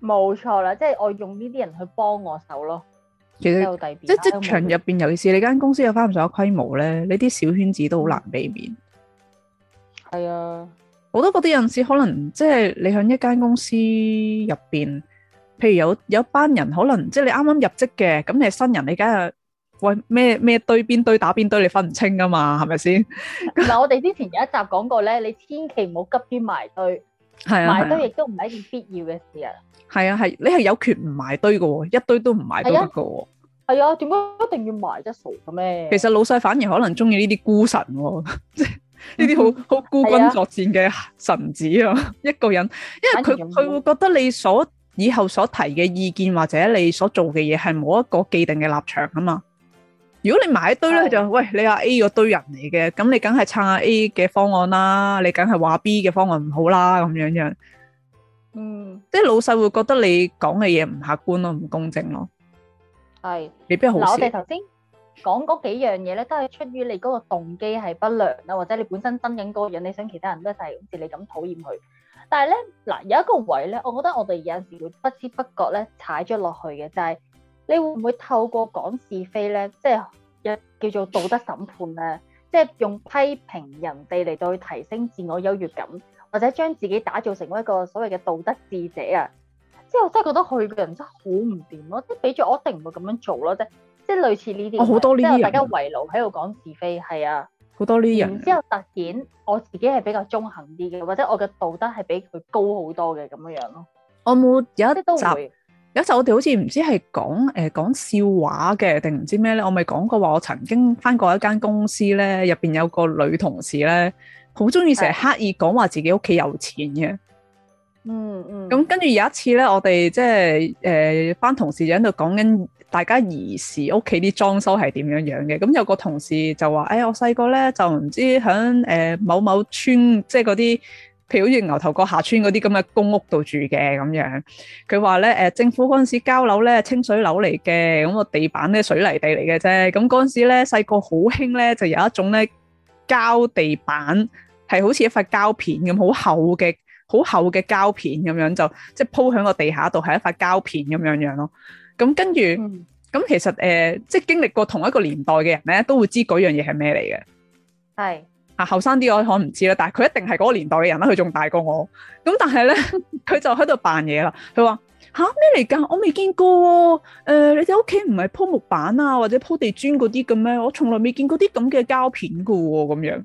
S2: 冇錯啦，即係我用呢啲人去幫我手咯。其實即係是職場入
S1: 邊，尤其是你間公司有翻咁上下規模咧，呢啲小圈子都好難避免。
S2: 係
S1: 啊的，我都覺得有陣時可能即係你喺一間公司入邊。譬如有有一班人，可能即係你啱啱入職嘅，咁你係新人，你梗係喂，咩咩堆邊堆打邊堆，你分唔清噶嘛？係咪先？
S2: 唔係我哋之前有一集講過咧，你千祈唔好急於埋堆，埋堆亦都唔係一件必要嘅事
S1: 啊。係啊係，你係有權唔埋堆噶，一堆都唔埋都得噶。
S2: 係啊，點解一定要埋一傻嘅咩？其
S1: 實老細反而可能鍾意呢啲孤臣，即係呢啲好好孤軍作戰嘅臣子啊，一個人，因為佢佢會覺得你所。以後所提嘅意見或者你所做嘅嘢係冇一個既定嘅立場啊嘛！如果你埋一堆咧，就喂你話 A 嗰堆人嚟嘅，咁你梗係撐下 A 嘅方案啦，你梗係話 B 嘅方案唔好啦咁樣樣。
S2: 嗯，
S1: 即係老細會覺得你講嘅嘢唔客觀咯，唔公正咯。
S2: 係，未必好。嗱，我哋頭先講嗰幾樣嘢咧，都係出於你嗰個動機係不良呀，或者你本身憎緊嗰個人，你想其他人都就係好似你咁討厭佢。但係咧，嗱有一個位咧，我覺得我哋有陣時會不知不覺咧踩咗落去嘅，就係、是、你會唔會透過講是非咧，即係有叫做道德審判啊，即係用批評人哋嚟到去提升自我優越感，或者將自己打造成一個所謂嘅道德智者啊？即係我真係覺得佢個人真係好唔掂咯，即係俾著我一定唔會咁樣做咯，即係即係類似呢啲，我好多呢啲即係大家圍爐喺度講是非，係啊。
S1: 好多呢啲人，然之後
S2: 突顯，我自己係比較中肯啲嘅，或者我嘅道德係比佢高好多嘅咁樣樣咯。
S1: 我冇有一啲都會，有一集我哋好似唔知係講誒講笑話嘅定唔知咩咧，我咪講過話我曾經返過一間公司咧，入邊有個女同事咧，好中意成日刻意講話自己屋企有錢嘅。嗯嗯。咁跟住有一次咧，我哋即係誒班同事就喺度講緊，大家兒時屋企啲裝修係點樣樣嘅？咁有個同事就話，誒、哎，我細個咧就唔知喺某某村，即係嗰啲，譬如好似牛頭角下村嗰啲咁嘅公屋度住嘅咁樣。佢話咧政府嗰陣時交樓咧清水樓嚟嘅，咁個地板咧水泥地嚟嘅啫。咁嗰陣時呢小時咧細個好興咧，就有一種咧膠地板，係好似一塊膠片咁，好厚嘅，好厚嘅膠片咁樣就即係鋪喺個地下度，係一塊膠片咁樣樣咯。咁跟住，咁、嗯、其實誒、呃，即係經歷過同一個年代嘅人咧，都會知嗰樣嘢係咩嚟嘅。係吓後生啲我可能唔知啦，但係佢一定係嗰個年代嘅人啦，佢仲大過我。咁但係咧，佢 *laughs* 就喺度扮嘢啦。佢話，吓，咩嚟噶？我未見過。誒、呃，你哋屋企唔係鋪木板啊，或者鋪地磚嗰啲嘅咩？我從來未見過啲咁嘅膠片噶、啊。咁樣，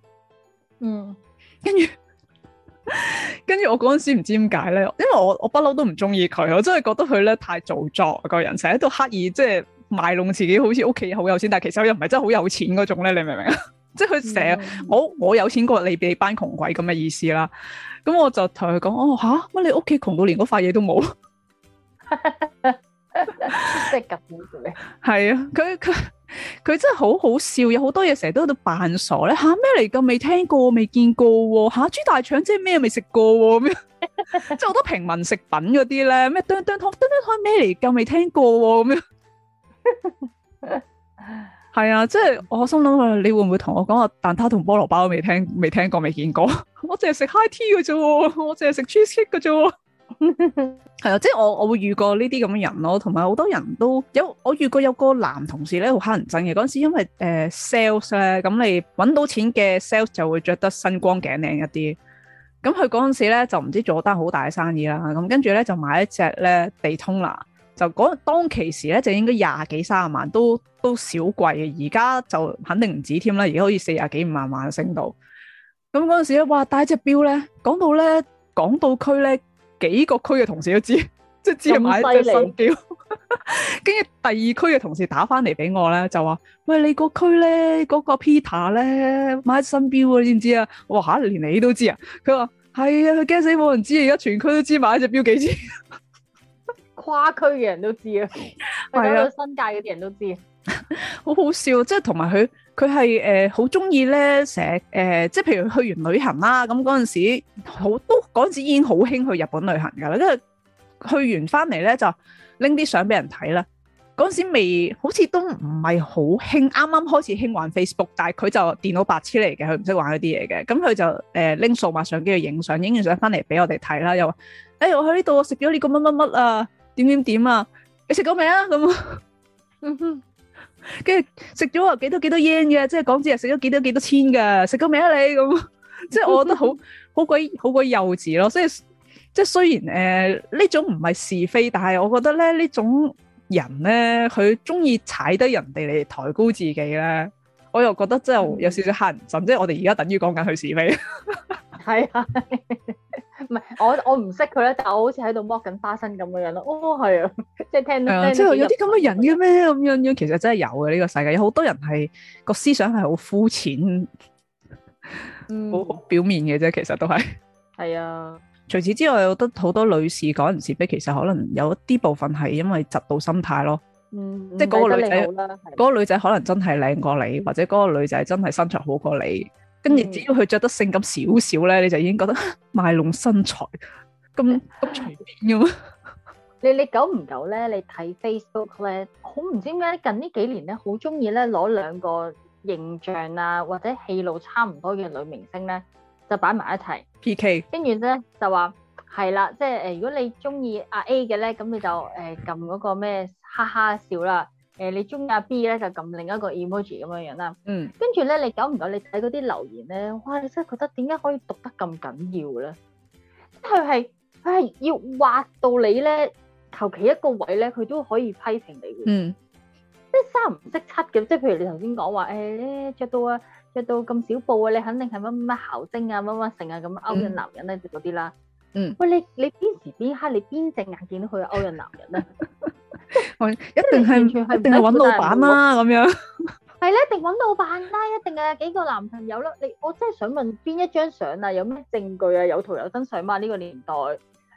S1: 嗯，跟住。跟住我嗰陣時唔知點解咧，因為我我不嬲都唔中意佢，我真係覺得佢咧太做作個人，成日度刻意即係賣弄自己，好似屋企好有錢，但係其實又唔係真係好有錢嗰種咧，你明唔明啊？嗯、即係佢成我我有錢過你你班窮鬼咁嘅意思啦。咁我就同佢講，哦吓乜、啊、你屋企窮到連嗰塊嘢都冇，即係咁 b 嘅咩？係啊，佢佢。佢真係好好笑，有好多嘢成日都喺度扮傻咧。吓咩嚟噶？未聽過，未見過、啊。吓、啊、豬大腸即係咩？未食過咁、啊、樣，即係好多平民食品嗰啲咧，咩冬冬湯、冬冬湯咩嚟？夠未聽過咁、啊、樣？係 *laughs* 啊，即係我心諗啊，你會唔會同我講啊？蛋撻同菠蘿包都未聽，未聽過，未見過。 *laughs* 我淨係食 high tea 嘅啫，我淨係食 cheese cake 嘅啫。係啊， *laughs* 即係我我會遇過呢啲咁嘅人咯，同埋好多人都有，我遇過有個男同事咧，好黑人憎嘅。嗰陣時因為誒 sales 咧，咁、呃、你搵到錢嘅 sales 就會着得身光頸靚一啲。咁佢嗰陣時咧就唔知做咗好大嘅生意啦，咁跟住咧就買一隻咧地通拿。就嗰當其時咧就應該廿幾卅萬都都少貴嘅，而家就肯定唔止添啦，而家好似四廿幾五十萬萬升到。咁嗰陣時咧，哇帶隻表咧，講到咧港島區咧。幾個區嘅同事都知，即係知佢買一隻新表。跟住 *laughs* 第二區嘅同事打翻嚟俾我咧，就話：喂，你個區咧，嗰、嗰個 Peter 咧買一新表啊，你知唔知啊？我話吓，連你都知啊！佢話係啊，佢驚死冇人知，而家全區都知買隻表幾錢，
S2: *laughs* 跨區嘅人都知啊，
S1: 係啊，新界
S2: 嗰啲人都知，
S1: 好 *laughs* 好笑，即係同埋佢。佢係誒好中意咧，成日誒、呃呃、即係譬如去完旅行啦，咁嗰陣時好都嗰陣時已經好興去日本旅行㗎啦，跟住去完翻嚟咧就拎啲相俾人睇啦。嗰陣時未好似都唔係好興，啱啱開始興玩 Facebook，但係佢就電腦白痴嚟嘅，佢唔識玩嗰啲嘢嘅。咁佢就誒拎、呃、數碼相機去影相，影完相翻嚟俾我哋睇啦。又話：誒我喺呢度，我食咗呢個乜乜乜啊，點點點啊，你食過未啊？咁 *laughs* 跟住食咗啊幾多幾多 yen 嘅，即係港紙啊食咗幾多幾多千噶，食咗未啊你咁，即係我覺得好好鬼好鬼幼稚咯。所以即係雖然誒呢、呃、種唔係是,是非，但係我覺得咧呢種人咧佢中意踩低人哋嚟抬高自己咧，我又覺得真係有少少黑人憎即係我哋而家等於講緊佢是非。係啊。
S2: 唔係我我唔識佢咧，但係我好似喺度剝緊花生咁嘅樣咯。哦，係啊，即係聽到，即係有啲
S1: 咁嘅人嘅？咩？咁樣樣。其實真係有嘅呢個世界，有好多人係個思想係好膚淺，好好表面嘅啫。其實都係，係啊。除此之外，我覺得好多女士講唔蝕底，其實可能有一啲部分係因為嫉妒心態咯。嗯，即係嗰個女仔，嗰個女仔可能真係靚過你，或者嗰個女仔真係身材好過你。跟住只要佢著得性感少少咧，你就已經覺得賣弄身材咁咁隨便嘅咩？
S2: 你你久唔久咧？你睇 Facebook 咧，好唔知點解近呢幾年咧，好中意咧攞兩個形象啊或者戲路差唔多嘅女明星咧，就擺埋一齊 PK。跟住咧就話係啦，即係誒，如果你中意阿 A 嘅咧，咁你就誒撳嗰個咩哈哈笑啦。誒、呃，你中意阿 B 咧，就撳另一個 emoji 咁樣樣啦。嗯，跟住咧，你久唔久你睇嗰啲留言咧，哇！你真係覺得點解可以讀得咁緊要咧？即係佢係要挖到你咧，求其一個位咧，佢都可以批評你。嗯，即係三唔識七嘅，即係譬如你頭先講話誒，著、欸、到啊，著到咁少布啊，你肯定係乜乜姣精啊什麼什麼什麼，乜乜成啊咁勾引男人咧嗰啲啦。嗯，喂，你你邊時邊刻你邊隻眼見到佢勾引男人咧？ *laughs* 一定係，一定搵老闆啦，咁樣。係咧，一定搵老闆啦，一定係，幾個男朋友啦。你我真係想問邊一張相啊，有咩證據啊？有圖有真相嘛？呢個年代，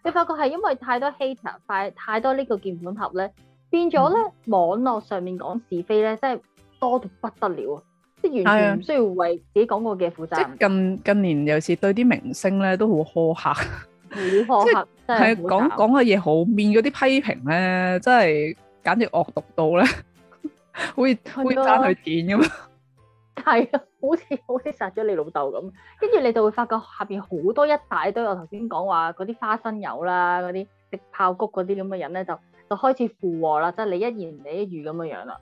S2: 你發覺係因為太多 hater，太太多呢個鍵盤俠咧，變咗咧，網絡上面講是非咧，真係多到不得了，即係完全唔需要
S1: 為自己講過嘅負責。即係近近年尤其是對啲明星咧都好苛刻。
S2: 即係講講
S1: 嘅嘢好，面嗰啲批評咧，真係簡直惡毒到咧，會的會斬佢斷咁。
S2: 係啊，好似好似殺咗你老豆咁。跟住你就會發覺下邊好多一大堆，我頭先講話嗰啲花生油啦，嗰啲食爆谷嗰啲咁嘅人咧，就就開始附和啦，即係你一言你一語咁樣樣啦。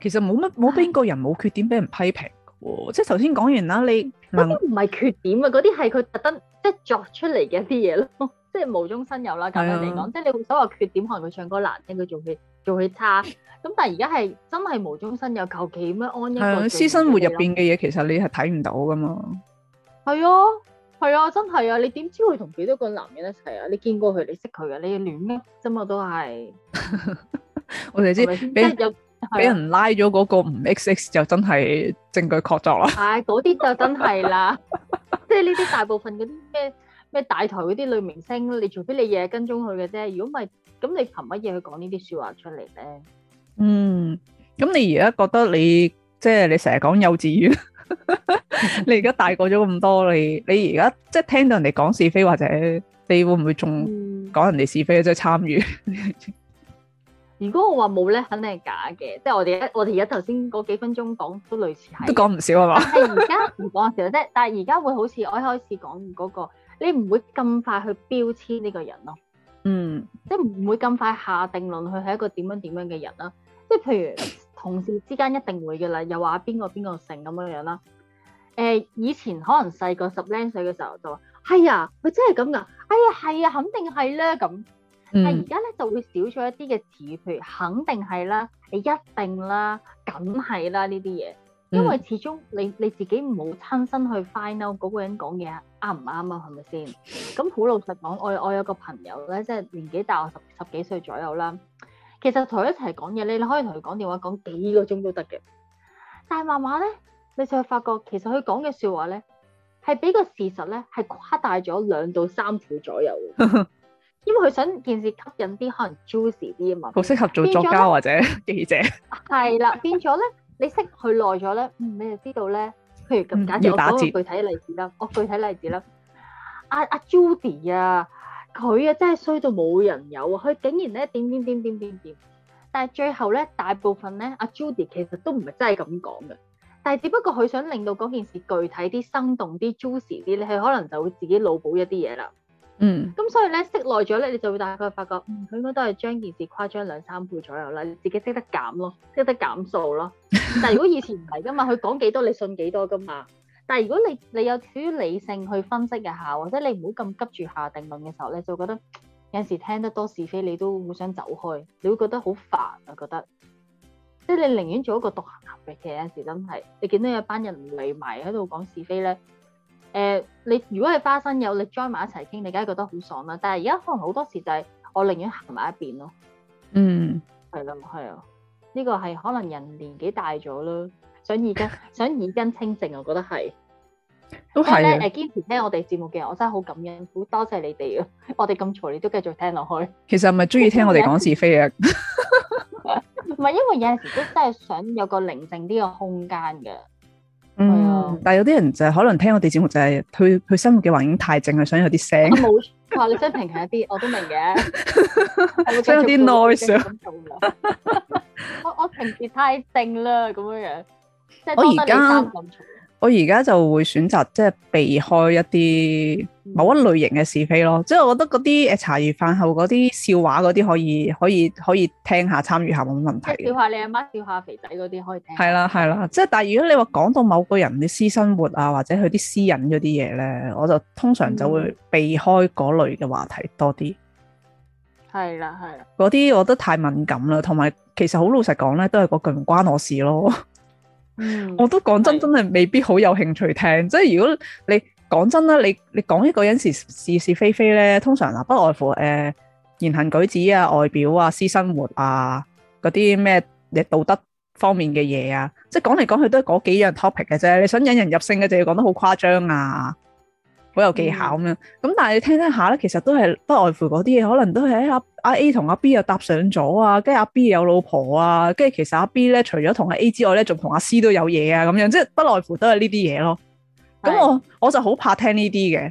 S1: 其實冇乜，冇邊個人冇缺點俾人批評嘅，唉即係頭先講完啦，你嗰啲唔係缺點啊，嗰啲係佢特登。即係作出嚟嘅一啲嘢
S2: 咯，即係無中生有啦，咁樣嚟講，即係你會所有缺點，可能佢唱歌難聽，佢做戲做戲差，咁但係而家係真係無中生有，求其咩安一個、啊、私生活入邊嘅嘢，
S1: 其實你係睇唔到噶嘛。
S2: 係啊，係啊，真係啊！你點知佢同幾多個男人一齊啊？你見過佢，你識佢啊？你亂咩？啫嘛，都係
S1: *laughs* 我哋知，知給即係有。俾人拉咗嗰個唔 X X 就真係證據確鑿啦。係
S2: 嗰啲就真係啦，即係呢啲大部分嗰啲咩咩大台嗰啲女明星，你除非你日日跟蹤佢嘅啫。如果唔係，咁你憑乜嘢去講呢啲說話出嚟咧？嗯，
S1: 咁你而家覺得你即係你成日講幼稚園，你而家大個咗咁多，你你而家即係聽到人哋講是非，或者你會唔會仲講人哋是非，即係參與？
S2: 如果我話冇咧，肯定係假嘅。即係我哋我哋而家頭先嗰幾分鐘講都類似
S1: 係，都講唔少係嘛？但係而
S2: 家唔講少，即係但係而家會好似我一開始講嗰、嗰個，你唔會咁快去標籤呢個人咯。嗯，即係唔會咁快下定論佢係一個點樣點樣嘅人啦。即係譬如同事之間一定會嘅啦，又話邊個邊個成咁樣樣啦。誒、呃，以前可能細個十零歲嘅時候就話，係啊，佢真係咁㗎，哎呀，係啊、哎，肯定係咧咁。但係而家咧就會少咗一啲嘅詞語，譬如肯定係啦，你一定啦，梗係啦呢啲嘢，
S1: 因為始
S2: 終你你自己冇好親身去 find out 嗰個人講嘢啱唔啱啊，係咪先？咁好 *laughs* 老實講，我我有個朋友咧，即係年紀大我十十幾歲左右啦。其實同佢一齊講嘢，你你可以同佢講電話講幾個鐘都得嘅。但係慢慢咧，你就發覺其實佢講嘅說話咧，係俾個事實咧係誇大咗兩到三倍左右。 *laughs* 因為佢想件事吸引啲可能 juicy 啲啊嘛，好適合做作家或者記者。係啦，變咗咧，你識佢耐咗咧，嗯，你就知道咧，譬如咁，假使我講個具體例子啦，我具體例子啦，阿阿 Judy 啊，佢啊真係衰到冇人有啊，佢竟然咧點點點點點點，但係最後咧，大部分咧，阿 Judy 其實都唔係真係咁講嘅，但係只不過佢想令到嗰件事具體啲、生動啲、juicy 啲，你佢可能就會自己腦補一啲嘢啦。嗯，咁所以咧識耐咗咧，你就會大概發覺，佢、嗯、應該都係將件事誇張兩三倍左右啦。你自己識得減咯，識得減數咯。但係如果以前唔係噶嘛，佢講幾多你信幾多噶嘛。但係如果你你有對理性去分析一下，或者你唔好咁急住下定論嘅時候咧，就覺得有時聽得多是非，你都會想走開，你會覺得好煩啊，覺得即係你寧願做一個獨行俠嘅。有時真係你見到有班人唔理埋喺度講是非咧。誒、呃，你如果係花生友，你 join 埋一齊傾，你梗係覺得好爽啦。但係而家可能好多時就係，我寧願行埋一邊咯。嗯，係咯，係啊，呢、呢個係可能人年紀大咗咯，想耳根 *laughs* 想耳根清靜，我覺得係。咁係咧，誒，堅持聽我哋節目嘅人，我真係好感恩，好多謝你哋啊，我哋咁嘈，你都繼續聽落去。
S1: 其實係咪中意聽我哋講是非啊？
S2: 唔係， *laughs* *laughs* 因為有時都真係想有個寧靜啲嘅空間嘅。
S1: 嗯，oh. 但係有啲人就係、是、可能聽我哋節目就係佢佢生活嘅環境太靜，佢想有啲聲。我冇，
S2: 話你想平衡一啲，我都明嘅。
S1: 我想有啲 noise。我我平時
S2: 太靜啦，咁樣樣，即係我而
S1: 家。我而家就會選擇即係避開一啲某一類型嘅是非咯，嗯、即係我覺得嗰啲誒茶餘飯後嗰啲笑話，嗰啲可以可以可以聽下參與下冇問題，笑下你阿媽，
S2: 笑下肥仔嗰啲可以
S1: 聽一下。係啦係啦，即係但係如果你話講到某個人嘅私生活啊，嗯、或者佢啲私隱嗰啲嘢咧，我就通常就會避開嗰類嘅話題多啲。係
S2: 啦係啦，
S1: 嗰啲我覺得太敏感啦，同埋其實好老實講咧，都係嗰句唔關我事咯。我都講真，真係未必好有興趣聽。即係如果你講真啦，你你講一個人是是是非非咧，通常嗱不外乎誒言行舉止啊、外表啊、私生活啊嗰啲咩誒道德方面嘅嘢啊。即係講嚟講去都係嗰幾樣 topic 嘅啫。你想引人入勝嘅就要講得好誇張啊。好有技巧咁樣，咁、嗯、但係你聽聽下咧，其實都係不外乎嗰啲嘢。可能都係阿阿 A 同阿 B 又搭上咗啊，跟住阿 B 又有老婆啊，跟住其實阿 B 咧除咗同阿 A 之外咧，仲同阿 C 都有嘢啊，咁樣即係不外乎都係呢啲嘢咯。咁是我我就好怕聽呢啲嘅，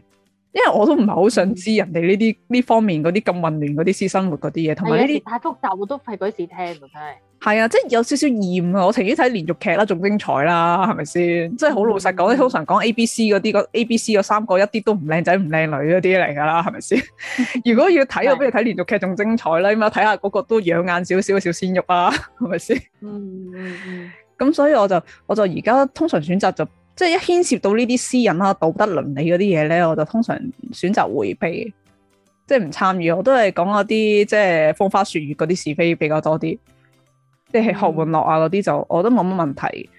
S1: 因為我都唔係好想知人哋呢啲呢方面嗰啲咁混亂嗰啲私生活嗰啲嘢，同埋呢啲
S2: 太複雜我都費鬼事聽真係。
S1: 係啊，即係有少少厭啊！我情願睇連續劇啦，仲精彩啦，係咪先？即係好老實講，咧、嗯、通常講 A、B、嗯、C 嗰啲，A、B、C 嗰三個一啲都唔靚仔唔靚女嗰啲嚟噶啦，係咪先？嗯、如果要睇，我、嗯、不如睇連續劇仲精彩啦，咁啊睇下嗰個都養眼少少小鮮肉啊，係咪先？咁、嗯嗯、所以我就我就而家通常選擇就即係、就是、一牽涉到呢啲私隱啦、道德倫理嗰啲嘢咧，我就通常選擇回避，即係唔參與。我都係講嗰啲即係風花雪月嗰啲是非比較多啲。即係學玩樂啊嗰啲就我都冇乜問題，誒、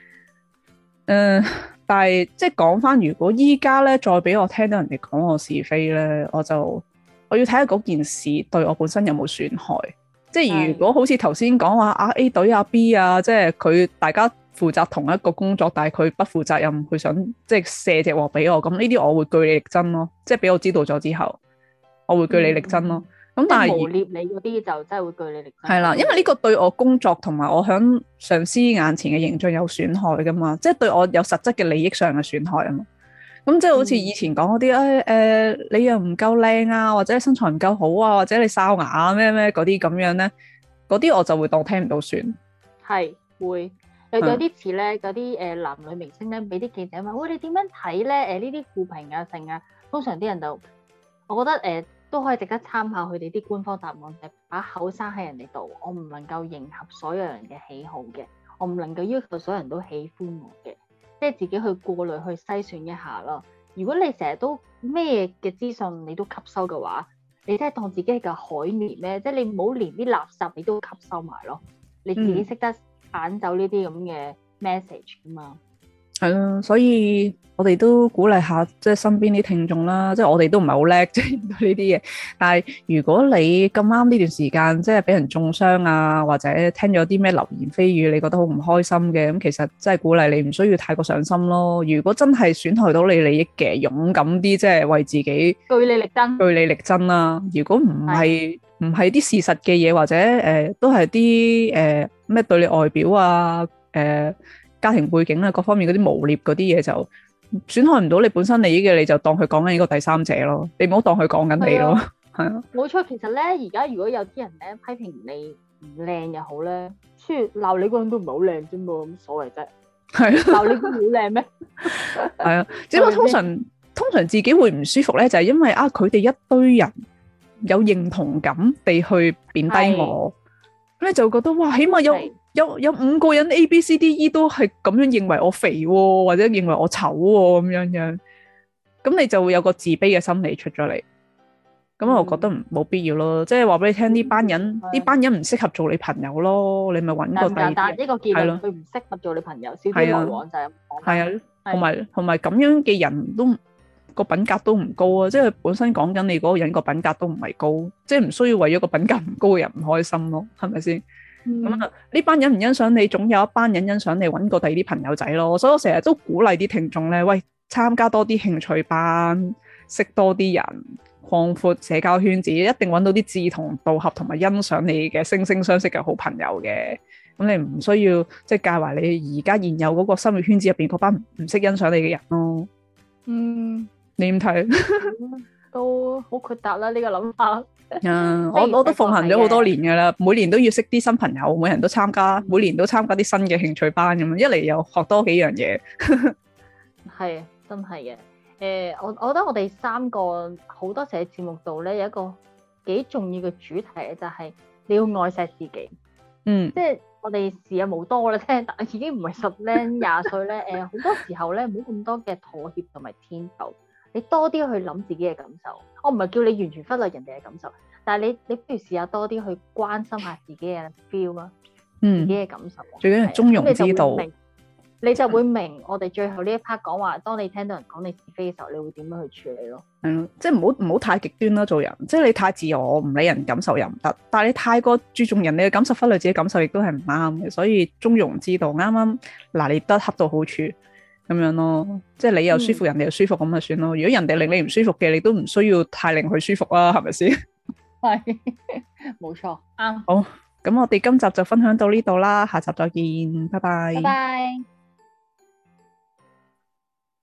S1: 嗯，但係即係講返，如果依家咧再俾我聽到人哋講我是非咧，我就我要睇下嗰件事對我本身有冇損害。即係如果好似頭先講話啊 A 隊啊 B 啊，即係佢大家負責同一個工作，但係佢不負責任，佢想即係射隻鑊俾我，咁呢啲我會據理力爭咯。即係俾我知道咗之後，我會據理力爭咯。嗯咁但係污蔑
S2: 你嗰啲就真係會據你力係啦，因為呢
S1: 個對我工作同埋我響上司眼前嘅形象有損害噶嘛，即係對我有實質嘅利益上嘅損害啊嘛。咁即係好似以前講嗰啲誒誒，你又唔夠靚啊，或者身材唔夠好啊，或者你哨牙啊咩咩嗰啲咁樣咧，嗰啲我就會當聽唔到算。
S2: 係會，有啲似咧，嗰啲誒男女明星咧，俾啲記者問，喂，你點樣睇咧？誒呢啲負評啊，成啊，通常啲人就我覺得誒。呃都可以值得參考佢哋啲官方答案，就係把口生喺人哋度。我唔能夠迎合所有人嘅喜好嘅，我唔能夠要求所有人都喜歡我嘅，即係自己去過濾、去篩選一下咯。如果你成日都咩嘅資訊你都吸收嘅話，你真係當自己係個海綿咩？即係你唔好連啲垃圾你都吸收埋咯。你自己識得揀走呢啲咁嘅 message 㗎嘛。嗯
S1: 係、嗯、所以我哋都鼓勵下，即係身邊啲聽眾啦。即係我哋都唔係好叻，即係呢啲嘢。但係如果你咁啱呢段時間，即係俾人中傷啊，或者聽咗啲咩流言蜚語，你覺得好唔開心嘅咁，其實即係鼓勵你，唔需要太過上心咯。如果真係損害到你利益嘅，勇敢啲，即係為自己據理力爭。據理力爭啦、啊。如果唔係唔係啲事實嘅嘢，或者誒、呃、都係啲誒咩對你外表啊誒。呃家庭背景啦，各方面嗰啲污衊嗰啲嘢就損害唔到你本身利益嘅，你就當佢講緊呢個第三者咯，你唔好當佢講緊你咯。係啊，
S2: 冇錯。其實咧，而家如果有啲人咧批評你唔靚又好咧，出嚟鬧你嗰人都唔係好靚啫，冇乜所謂啫。係啊，鬧你嗰個好靚咩？
S1: 係啊，只不過通常通常自己會唔舒服咧，就係因為啊，佢哋一堆人有認同感地去貶低我，咁咧就會覺得哇，起碼有。有有五個人 A、B、C、D、E 都係咁樣認為我肥喎，或者認為我醜喎，咁樣樣，咁你就會有個自卑嘅心理出咗嚟。咁我覺得冇必要咯，即係話俾你聽，呢、嗯、班人呢的班人唔適合做你朋友咯。你咪搵個第二個但。但係呢個結係佢唔適
S2: 合做你朋友，少之又少。係啊。係啊的，同埋
S1: 同埋咁樣嘅人都，品都，個，人品都個品格都唔高啊！即係本身講緊你嗰個人個品格都唔係高，即係唔需要為咗個品格唔高嘅人唔開心咯，係咪先？咁啊！呢、嗯、班人唔欣賞你，總有一班人欣賞你，揾過第二啲朋友仔咯。所以我成日都鼓勵啲聽眾咧，喂，參加多啲興趣班，識多啲人，擴闊社交圈子，一定揾到啲志同道合同埋欣賞你嘅惺惺相惜嘅好朋友嘅。咁你唔需要即係、就是、介懷你而家現有嗰個生活圈子入邊嗰班唔識欣賞你嘅人咯。嗯，
S2: 你點睇？嗯、 *laughs* 都好豁達啦，呢、這個諗法。啊！我我都奉行咗好多
S1: 年噶啦， *laughs* 每年都要識啲新朋友，每人都參加， *laughs* 每年都參加啲新嘅興趣班咁樣，一嚟又學多幾樣嘢。
S2: 係， *laughs* 真係嘅。誒，我我覺得我哋三個好多時喺節目度咧，有一個幾重要嘅主題就係你要愛錫自己。嗯。即係我哋時日無多啦，聽但已經唔係十零廿歲咧。誒， *laughs* 好多時候咧冇咁多嘅妥協同埋遷就。你多啲去諗自己嘅感受，我唔係叫你完全忽略人哋嘅感受，但係你你不如試下多啲去關心下自己嘅 feel 咯，嗯、自己嘅感受。最緊係中庸之道，你就會明，嗯、你就會明。我哋最後呢一 part 講話，當你聽到人講你是非嘅時候，你會點樣去處理咯？嗯，
S1: 即係唔好唔好太極端啦，做人。即係你太自我唔理人感受又唔得，但係你太過注重人哋嘅感受，忽略自己嘅感受亦都係唔啱嘅。所以中庸之道，啱啱嗱你得恰到好處。咁樣咯，即係你又舒服，嗯、人哋又舒服咁咪算咯。如果人哋令你唔舒服嘅，你都唔需要太令佢舒服啦，啊，係咪先？
S2: 係 *laughs* *laughs* 錯，冇錯，啱
S1: 好。咁我哋今集就分享到呢度啦，下集再見，拜拜，拜
S2: 拜。